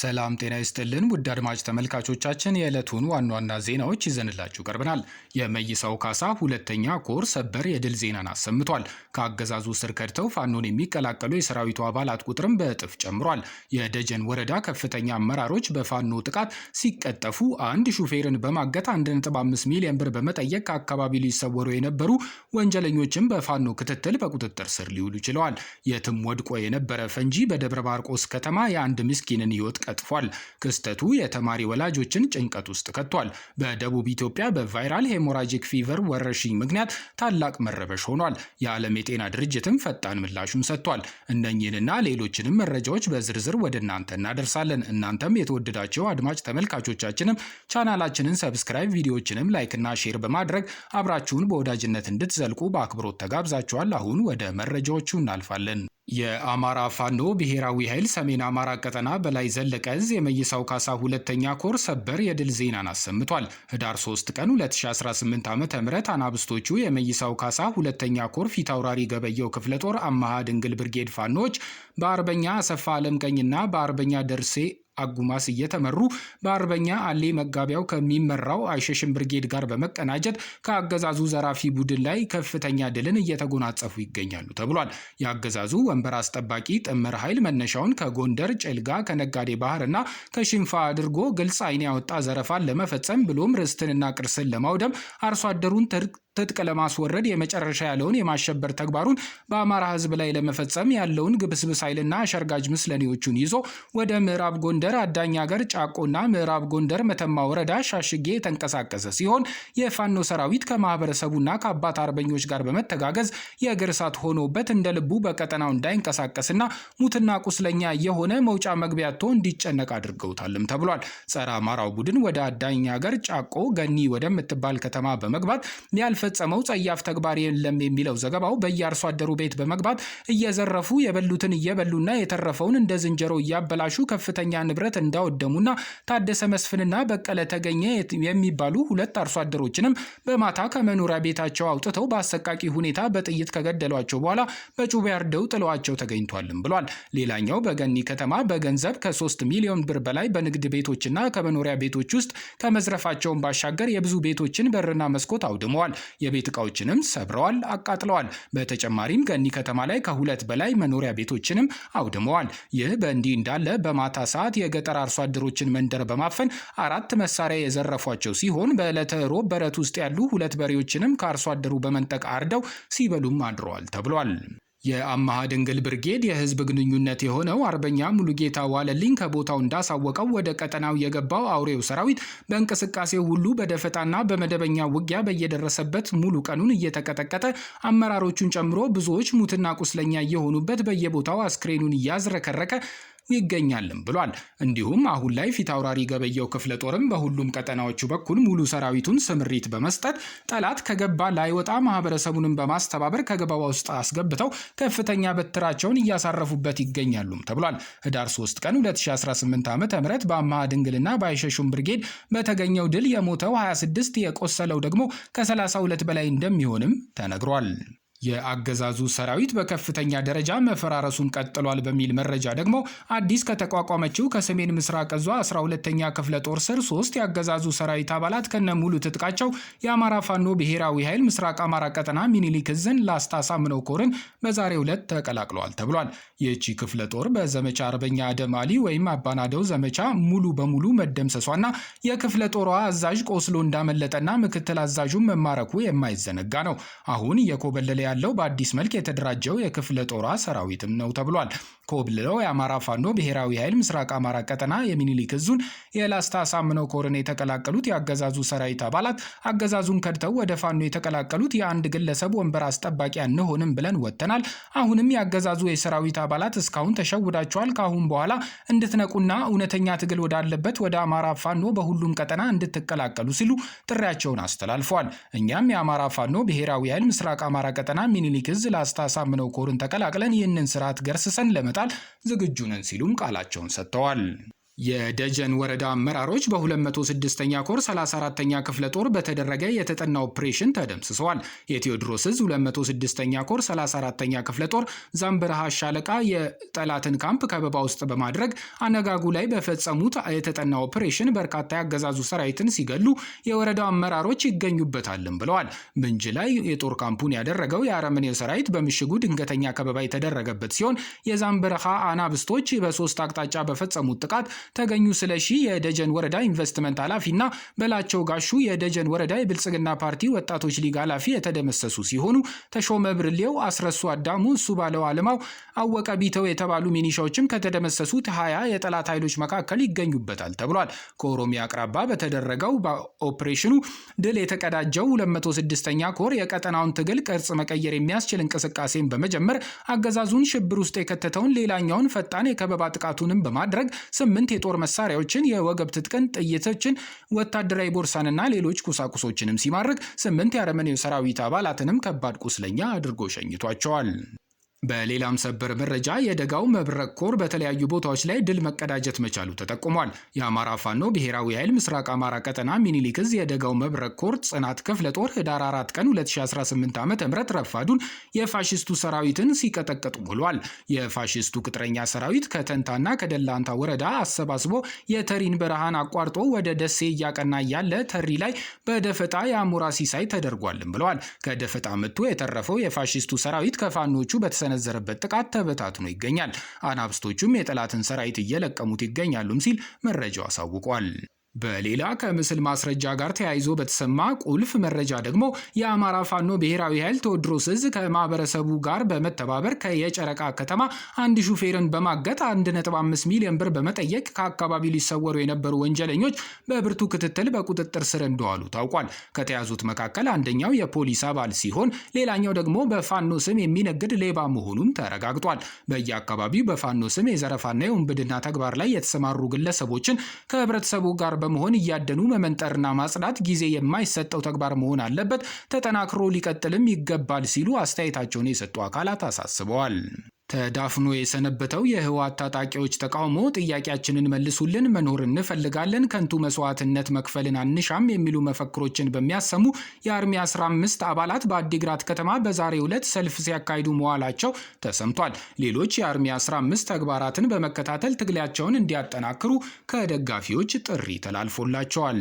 ሰላም ጤና ይስጥልን ውድ አድማጭ ተመልካቾቻችን የዕለቱን ዋና ዋና ዜናዎች ይዘንላችሁ ቀርበናል። የመይሳው ካሳ ሁለተኛ ኮር ሰበር የድል ዜናን አሰምቷል። ከአገዛዙ ስር ከድተው ፋኖን የሚቀላቀሉ የሰራዊቱ አባላት ቁጥርም በእጥፍ ጨምሯል። የደጀን ወረዳ ከፍተኛ አመራሮች በፋኖ ጥቃት ሲቀጠፉ፣ አንድ ሹፌርን በማገት 1.5 ሚሊዮን ብር በመጠየቅ ከአካባቢው ሊሰወሩ የነበሩ ወንጀለኞችም በፋኖ ክትትል በቁጥጥር ስር ሊውሉ ችለዋል። የትም ወድቆ የነበረ ፈንጂ በደብረ ማርቆስ ከተማ የአንድ ምስኪንን ሕይወት ቀጭፏል። ክስተቱ የተማሪ ወላጆችን ጭንቀት ውስጥ ከቷል። በደቡብ ኢትዮጵያ በቫይራል ሄሞራጂክ ፊቨር ወረርሽኝ ምክንያት ታላቅ መረበሽ ሆኗል። የዓለም የጤና ድርጅትም ፈጣን ምላሹን ሰጥቷል። እነኚህንና ሌሎችንም መረጃዎች በዝርዝር ወደ እናንተ እናደርሳለን። እናንተም የተወደዳቸው አድማጭ ተመልካቾቻችንም ቻናላችንን ሰብስክራይብ፣ ቪዲዮዎችንም ላይክና ሼር በማድረግ አብራችሁን በወዳጅነት እንድትዘልቁ በአክብሮት ተጋብዛችኋል። አሁን ወደ መረጃዎቹ እናልፋለን። የአማራ ፋኖ ብሔራዊ ኃይል ሰሜን አማራ ቀጠና በላይ ዘለቀዝ የመይሳው ካሳ ሁለተኛ ኮር ሰበር የድል ዜናን አሰምቷል። ህዳር 3 ቀን 2018 ዓ ም አናብስቶቹ የመይሳው ካሳ ሁለተኛ ኮር ፊታውራሪ ገበየው ክፍለ ጦር አመሃ ድንግል ብርጌድ ፋኖች በአርበኛ አሰፋ ቀኝና በአርበኛ ደርሴ አጉማስ እየተመሩ በአርበኛ አሌ መጋቢያው ከሚመራው አይሸሽን ብርጌድ ጋር በመቀናጀት ከአገዛዙ ዘራፊ ቡድን ላይ ከፍተኛ ድልን እየተጎናጸፉ ይገኛሉ ተብሏል። የአገዛዙ ወንበር አስጠባቂ ጥምር ኃይል መነሻውን ከጎንደር ጭልጋ፣ ከነጋዴ ባህር እና ከሽንፋ አድርጎ ግልጽ ዓይን ያወጣ ዘረፋን ለመፈጸም ብሎም ርስትንና ቅርስን ለማውደም አርሶ አደሩን ትጥቅ ለማስወረድ የመጨረሻ ያለውን የማሸበር ተግባሩን በአማራ ሕዝብ ላይ ለመፈጸም ያለውን ግብስብስ ኃይልና አሸርጋጅ ምስለኔዎቹን ይዞ ወደ ምዕራብ ጎንደር ጎንደር፣ አዳኝ ሀገር፣ ጫቆና፣ ምዕራብ ጎንደር መተማ ወረዳ ሻሽጌ የተንቀሳቀሰ ሲሆን የፋኖ ሰራዊት ከማህበረሰቡና ከአባት አርበኞች ጋር በመተጋገዝ የእግር እሳት ሆኖበት እንደ ልቡ በቀጠናው እንዳይንቀሳቀስና ሙትና ቁስለኛ የሆነ መውጫ መግቢያቶ እንዲጨነቅ አድርገውታልም ተብሏል። ጸረ አማራው ቡድን ወደ አዳኝ ሀገር ጫቆ ገኒ ወደምትባል ከተማ በመግባት ያልፈጸመው ጸያፍ ተግባር የለም የሚለው ዘገባው በየአርሶ አደሩ ቤት በመግባት እየዘረፉ የበሉትን እየበሉና የተረፈውን እንደ ዝንጀሮ እያበላሹ ከፍተኛ ንብረት እንዳወደሙና ታደሰ መስፍንና በቀለ ተገኘ የሚባሉ ሁለት አርሶ አደሮችንም በማታ ከመኖሪያ ቤታቸው አውጥተው በአሰቃቂ ሁኔታ በጥይት ከገደሏቸው በኋላ በጩቤ አርደው ጥለዋቸው ተገኝቷልም ብሏል። ሌላኛው በገኒ ከተማ በገንዘብ ከ3 ሚሊዮን ብር በላይ በንግድ ቤቶችና ከመኖሪያ ቤቶች ውስጥ ከመዝረፋቸውን ባሻገር የብዙ ቤቶችን በርና መስኮት አውድመዋል። የቤት እቃዎችንም ሰብረዋል፣ አቃጥለዋል። በተጨማሪም ገኒ ከተማ ላይ ከሁለት በላይ መኖሪያ ቤቶችንም አውድመዋል። ይህ በእንዲህ እንዳለ በማታ ሰዓት የገጠር አርሶ አደሮችን መንደር በማፈን አራት መሳሪያ የዘረፏቸው ሲሆን በዕለተ ሮብ በረት ውስጥ ያሉ ሁለት በሬዎችንም ከአርሶ አደሩ በመንጠቅ አርደው ሲበሉም አድረዋል ተብሏል። የአማሃ ድንግል ብርጌድ የህዝብ ግንኙነት የሆነው አርበኛ ሙሉጌታ ዋለልኝ ከቦታው እንዳሳወቀው ወደ ቀጠናው የገባው አውሬው ሰራዊት በእንቅስቃሴ ሁሉ በደፈጣና በመደበኛ ውጊያ በየደረሰበት ሙሉ ቀኑን እየተቀጠቀጠ አመራሮቹን ጨምሮ ብዙዎች ሙትና ቁስለኛ እየሆኑበት በየቦታው አስክሬኑን እያዝረከረከ ይገኛልም ብሏል። እንዲሁም አሁን ላይ ፊት አውራሪ ገበየው ክፍለ ጦርም በሁሉም ቀጠናዎቹ በኩል ሙሉ ሰራዊቱን ስምሪት በመስጠት ጠላት ከገባ ላይወጣ ማህበረሰቡንም በማስተባበር ከገባ ውስጥ አስገብተው ከፍተኛ በትራቸውን እያሳረፉበት ይገኛሉም ተብሏል። ህዳር 3 ቀን 2018 ዓ ም በአማሃ ድንግልና በአይሸሹም ብርጌድ በተገኘው ድል የሞተው 26 የቆሰለው ደግሞ ከ32 በላይ እንደሚሆንም ተነግሯል። የአገዛዙ ሰራዊት በከፍተኛ ደረጃ መፈራረሱን ቀጥሏል በሚል መረጃ ደግሞ አዲስ ከተቋቋመችው ከሰሜን ምስራቅ እዟ 12ኛ ክፍለ ጦር ስር ሶስት የአገዛዙ ሰራዊት አባላት ከነ ሙሉ ትጥቃቸው የአማራ ፋኖ ብሔራዊ ኃይል ምስራቅ አማራ ቀጠና ሚኒሊክ እዝን ላስታ ሳምነው ኮርን በዛሬው ዕለት ተቀላቅለዋል ተብሏል። ይህቺ ክፍለ ጦር በዘመቻ አርበኛ ደማሊ ወይም አባናደው ዘመቻ ሙሉ በሙሉ መደምሰሷና የክፍለ ጦሯ አዛዥ ቆስሎ እንዳመለጠና ምክትል አዛዡን መማረኩ የማይዘነጋ ነው። አሁን የኮበለለ ያለው በአዲስ መልክ የተደራጀው የክፍለ ጦሯ ሰራዊትም ነው ተብሏል። ኮብልለው የአማራ ፋኖ ብሔራዊ ኃይል ምስራቅ አማራ ቀጠና የሚኒሊክ እዙን የላስታ አሳምነው ኮርን የተቀላቀሉት የአገዛዙ ሰራዊት አባላት አገዛዙን ከድተው ወደ ፋኖ የተቀላቀሉት የአንድ ግለሰብ ወንበር አስጠባቂ አንሆንም ብለን ወጥተናል። አሁንም የአገዛዙ የሰራዊት አባላት እስካሁን ተሸውዳቸዋል። ከአሁን በኋላ እንድትነቁና እውነተኛ ትግል ወዳለበት ወደ አማራ ፋኖ በሁሉም ቀጠና እንድትቀላቀሉ ሲሉ ጥሪያቸውን አስተላልፈዋል። እኛም የአማራ ፋኖ ብሔራዊ ኃይል ምስራቅ አማራ ቀጠና ቀጠና ሚኒሊክ እዝ ላስታ ሳምነው ኮርን ተቀላቅለን ይህንን ስርዓት ገርስሰን ለመጣል ዝግጁ ነን ሲሉም ቃላቸውን ሰጥተዋል። የደጀን ወረዳ አመራሮች በ206ኛ ኮር 34ኛ ክፍለ ጦር በተደረገ የተጠና ኦፕሬሽን ተደምስሰዋል። የቴዎድሮስ እዝ 206ኛ ኮር 34ኛ ክፍለ ጦር ዛምበረሃ ሻለቃ የጠላትን ካምፕ ከበባ ውስጥ በማድረግ አነጋጉ ላይ በፈጸሙት የተጠና ኦፕሬሽን በርካታ ያገዛዙ ሰራዊትን ሲገሉ የወረዳው አመራሮች ይገኙበታልም ብለዋል። ምንጅ ላይ የጦር ካምፑን ያደረገው የአረመኔው ሰራዊት በምሽጉ ድንገተኛ ከበባ የተደረገበት ሲሆን የዛምበረሃ አናብስቶች በሶስት አቅጣጫ በፈጸሙት ጥቃት ተገኙ ስለሺ የደጀን ወረዳ ኢንቨስትመንት ኃላፊና በላቸው ጋሹ የደጀን ወረዳ የብልጽግና ፓርቲ ወጣቶች ሊግ ኃላፊ የተደመሰሱ ሲሆኑ ተሾመ ብርሌው፣ አስረሱ አዳሙ፣ እሱ ባለው አለማው፣ አወቀ ቢተው የተባሉ ሚኒሻዎችም ከተደመሰሱት ሀያ የጠላት ኃይሎች መካከል ይገኙበታል ተብሏል። ከኦሮሚያ አቅራባ በተደረገው በኦፕሬሽኑ ድል የተቀዳጀው 206ኛ ኮር የቀጠናውን ትግል ቅርጽ መቀየር የሚያስችል እንቅስቃሴን በመጀመር አገዛዙን ሽብር ውስጥ የከተተውን ሌላኛውን ፈጣን የከበባ ጥቃቱንም በማድረግ ስምንት የጦር መሳሪያዎችን፣ የወገብ ትጥቅን፣ ጥይቶችን፣ ወታደራዊ ቦርሳንና ሌሎች ቁሳቁሶችንም ሲማርክ ስምንት የአረመኔው ሰራዊት አባላትንም ከባድ ቁስለኛ አድርጎ ሸኝቷቸዋል። በሌላም ሰበር መረጃ የደጋው መብረቅ ኮር በተለያዩ ቦታዎች ላይ ድል መቀዳጀት መቻሉ ተጠቁሟል። የአማራ ፋኖ ብሔራዊ ኃይል ምስራቅ አማራ ቀጠና ሚኒሊክዝ የደጋው መብረቅ ኮር ጽናት ክፍለ ጦር ህዳር 4 ቀን 2018 ዓ ም ረፋዱን የፋሽስቱ ሰራዊትን ሲቀጠቀጡ ውሏል። የፋሽስቱ ቅጥረኛ ሰራዊት ከተንታና ከደላንታ ወረዳ አሰባስቦ የተሪን በረሃን አቋርጦ ወደ ደሴ እያቀና ያለ ተሪ ላይ በደፈጣ የአሞራ ሲሳይ ተደርጓልም ብለዋል። ከደፈጣ ምቱ የተረፈው የፋሽስቱ ሰራዊት ከፋኖቹ በተሰ በሰነዘረበት ጥቃት ተበታትኖ ይገኛል። አናብስቶቹም የጠላትን ሰራዊት እየለቀሙት ይገኛሉም ሲል መረጃው አሳውቋል። በሌላ ከምስል ማስረጃ ጋር ተያይዞ በተሰማ ቁልፍ መረጃ ደግሞ የአማራ ፋኖ ብሔራዊ ኃይል ቴዎድሮስ እዝ ከማህበረሰቡ ጋር በመተባበር ከየጨረቃ ከተማ አንድ ሹፌርን በማገት 1.5 ሚሊዮን ብር በመጠየቅ ከአካባቢው ሊሰወሩ የነበሩ ወንጀለኞች በብርቱ ክትትል በቁጥጥር ስር እንደዋሉ ታውቋል። ከተያዙት መካከል አንደኛው የፖሊስ አባል ሲሆን፣ ሌላኛው ደግሞ በፋኖ ስም የሚነግድ ሌባ መሆኑም ተረጋግጧል። በየአካባቢው በፋኖ ስም የዘረፋና የውንብድና ተግባር ላይ የተሰማሩ ግለሰቦችን ከህብረተሰቡ ጋር በመሆን እያደኑ መመንጠርና ማጽዳት ጊዜ የማይሰጠው ተግባር መሆን አለበት፣ ተጠናክሮ ሊቀጥልም ይገባል ሲሉ አስተያየታቸውን የሰጡ አካላት አሳስበዋል። ተዳፍኖ የሰነበተው የህወሓት ታጣቂዎች ተቃውሞ ጥያቄያችንን መልሱልን፣ መኖር እንፈልጋለን፣ ከንቱ መስዋዕትነት መክፈልን አንሻም የሚሉ መፈክሮችን በሚያሰሙ የአርሚ 15 አባላት በአዲግራት ከተማ በዛሬው ዕለት ሰልፍ ሲያካሂዱ መዋላቸው ተሰምቷል። ሌሎች የአርሚ 15 ተግባራትን በመከታተል ትግላቸውን እንዲያጠናክሩ ከደጋፊዎች ጥሪ ተላልፎላቸዋል።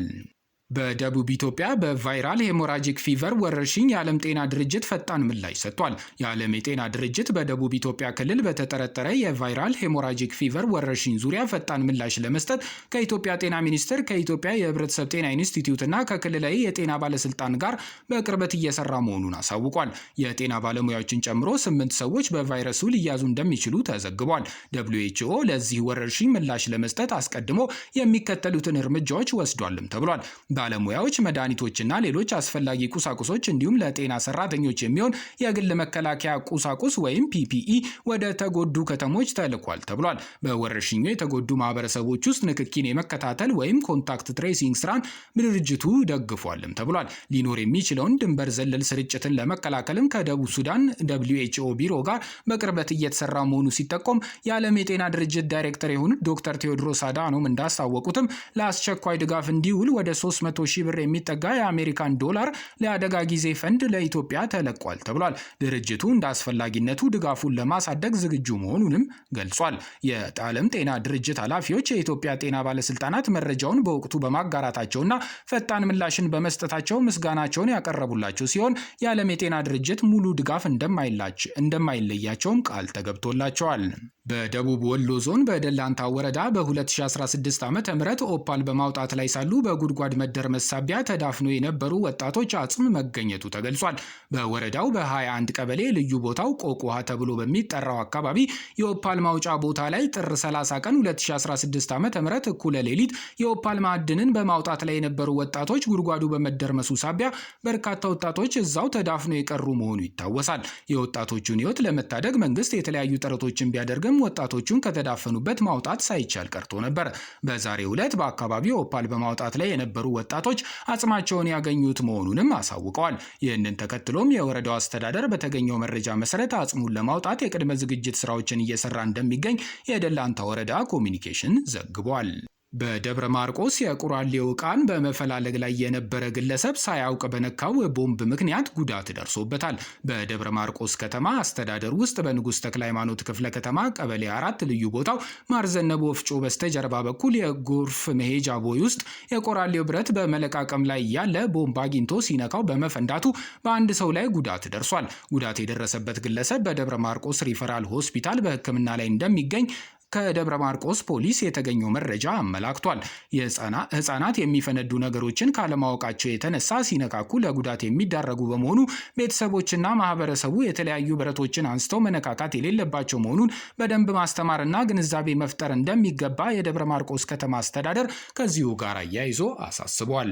በደቡብ ኢትዮጵያ በቫይራል ሄሞራጂክ ፊቨር ወረርሽኝ የዓለም ጤና ድርጅት ፈጣን ምላሽ ሰጥቷል። የዓለም የጤና ድርጅት በደቡብ ኢትዮጵያ ክልል በተጠረጠረ የቫይራል ሄሞራጂክ ፊቨር ወረርሽኝ ዙሪያ ፈጣን ምላሽ ለመስጠት ከኢትዮጵያ ጤና ሚኒስቴር፣ ከኢትዮጵያ የሕብረተሰብ ጤና ኢንስቲትዩት እና ከክልላዊ የጤና ባለስልጣን ጋር በቅርበት እየሰራ መሆኑን አሳውቋል። የጤና ባለሙያዎችን ጨምሮ ስምንት ሰዎች በቫይረሱ ሊያዙ እንደሚችሉ ተዘግቧል። ደብሊው ኤች ኦ ለዚህ ወረርሽኝ ምላሽ ለመስጠት አስቀድሞ የሚከተሉትን እርምጃዎች ወስዷልም ተብሏል። ባለሙያዎች መድኃኒቶችና ሌሎች አስፈላጊ ቁሳቁሶች እንዲሁም ለጤና ሰራተኞች የሚሆን የግል መከላከያ ቁሳቁስ ወይም ፒፒኢ ወደ ተጎዱ ከተሞች ተልኳል ተብሏል። በወረርሽኙ የተጎዱ ማህበረሰቦች ውስጥ ንክኪን የመከታተል ወይም ኮንታክት ትሬሲንግ ስራን ድርጅቱ ደግፏልም ተብሏል። ሊኖር የሚችለውን ድንበር ዘለል ስርጭትን ለመከላከልም ከደቡብ ሱዳን ደብሊው ኤች ቢሮ ጋር በቅርበት እየተሰራ መሆኑ ሲጠቆም የዓለም የጤና ድርጅት ዳይሬክተር የሆኑት ዶክተር ቴዎድሮስ አዳኖም እንዳስታወቁትም ለአስቸኳይ ድጋፍ እንዲውል ወደ ሶስት 300 ሺህ ብር የሚጠጋ የአሜሪካን ዶላር ለአደጋ ጊዜ ፈንድ ለኢትዮጵያ ተለቋል ተብሏል። ድርጅቱ እንደ አስፈላጊነቱ ድጋፉን ለማሳደግ ዝግጁ መሆኑንም ገልጿል። የዓለም ጤና ድርጅት ኃላፊዎች የኢትዮጵያ ጤና ባለስልጣናት መረጃውን በወቅቱ በማጋራታቸውና ፈጣን ምላሽን በመስጠታቸው ምስጋናቸውን ያቀረቡላቸው ሲሆን የዓለም የጤና ድርጅት ሙሉ ድጋፍ እንደማይለያቸውም ቃል ተገብቶላቸዋል። በደቡብ ወሎ ዞን በደላንታ ወረዳ በ2016 ዓ ም ኦፓል በማውጣት ላይ ሳሉ በጉድጓድ መደ በወታደር መሳቢያ ተዳፍኖ የነበሩ ወጣቶች አጽም መገኘቱ ተገልጿል። በወረዳው በ21 ቀበሌ ልዩ ቦታው ቆቆሃ ተብሎ በሚጠራው አካባቢ የኦፓል ማውጫ ቦታ ላይ ጥር 30 ቀን 2016 ዓ ም እኩለ ሌሊት የኦፓል ማዕድንን በማውጣት ላይ የነበሩ ወጣቶች ጉድጓዱ በመደርመሱ ሳቢያ በርካታ ወጣቶች እዛው ተዳፍኖ የቀሩ መሆኑ ይታወሳል። የወጣቶቹን ሕይወት ለመታደግ መንግስት የተለያዩ ጥረቶችን ቢያደርግም ወጣቶቹን ከተዳፈኑበት ማውጣት ሳይቻል ቀርቶ ነበር። በዛሬው ዕለት በአካባቢው ኦፓል በማውጣት ላይ የነበሩ ወጣቶች አጽማቸውን ያገኙት መሆኑንም አሳውቀዋል። ይህንን ተከትሎም የወረዳው አስተዳደር በተገኘው መረጃ መሰረት አጽሙን ለማውጣት የቅድመ ዝግጅት ስራዎችን እየሰራ እንደሚገኝ የደላንታ ወረዳ ኮሚኒኬሽን ዘግቧል። በደብረ ማርቆስ የቁራሌ ዕቃን በመፈላለግ ላይ የነበረ ግለሰብ ሳያውቅ በነካው ቦምብ ምክንያት ጉዳት ደርሶበታል። በደብረ ማርቆስ ከተማ አስተዳደር ውስጥ በንጉሥ ተክለ ሃይማኖት ክፍለ ከተማ ቀበሌ አራት ልዩ ቦታው ማርዘነብ ወፍጮ በስተጀርባ በኩል የጎርፍ መሄጃ ቦይ ውስጥ የቆራሌው ብረት በመለቃቀም ላይ ያለ ቦምብ አግኝቶ ሲነካው በመፈንዳቱ በአንድ ሰው ላይ ጉዳት ደርሷል። ጉዳት የደረሰበት ግለሰብ በደብረ ማርቆስ ሪፈራል ሆስፒታል በሕክምና ላይ እንደሚገኝ ከደብረ ማርቆስ ፖሊስ የተገኘው መረጃ አመላክቷል። ህጻናት የሚፈነዱ ነገሮችን ካለማወቃቸው የተነሳ ሲነካኩ ለጉዳት የሚዳረጉ በመሆኑ ቤተሰቦችና ማህበረሰቡ የተለያዩ ብረቶችን አንስተው መነካካት የሌለባቸው መሆኑን በደንብ ማስተማርና ግንዛቤ መፍጠር እንደሚገባ የደብረ ማርቆስ ከተማ አስተዳደር ከዚሁ ጋር አያይዞ አሳስቧል።